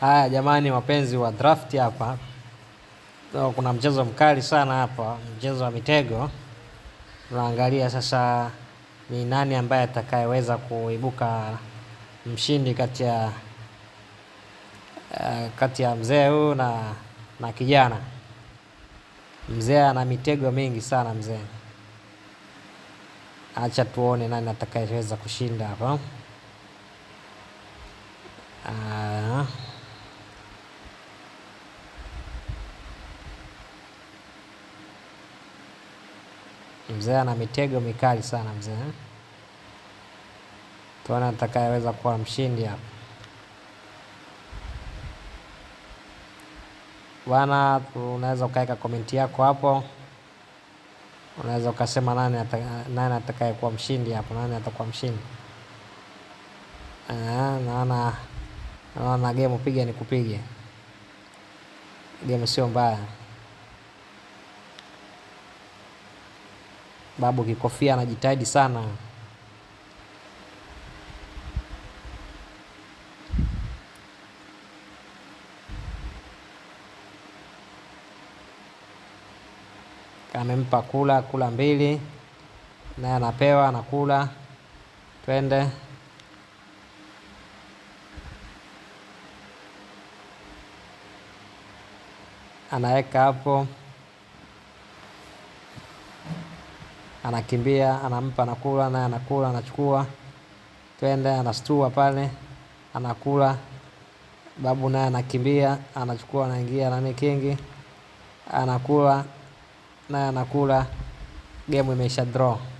Haya jamani, wapenzi wa draft, hapa kuna mchezo mkali sana hapa, mchezo wa mitego. Tunaangalia sasa ni nani ambaye atakayeweza kuibuka mshindi kati ya uh, kati ya mzee huyu na na kijana. Mzee ana mitego mingi sana mzee, acha tuone nani atakayeweza kushinda hapa. Uh, Mzee ana mitego mikali sana mzee. Eh? Tuone atakayeweza kuwa mshindi hapa. Bwana, unaweza ukaweka komenti yako hapo, unaweza ukasema nani nani atakayekuwa mshindi hapo, nani atakuwa mshindi. Eh, naona naona gemu piga ni kupiga gemu, sio mbaya. Babu Kikofia anajitahidi sana. Amempa kula kula mbili, naye anapewa anakula. Twende anaweka hapo. anakimbia, anampa, anakula naye, anakula, anachukua, twende, anastua pale, anakula. Babu naye anakimbia, anachukua, anaingia nani kingi, anakula naye, anakula. Game imeisha draw.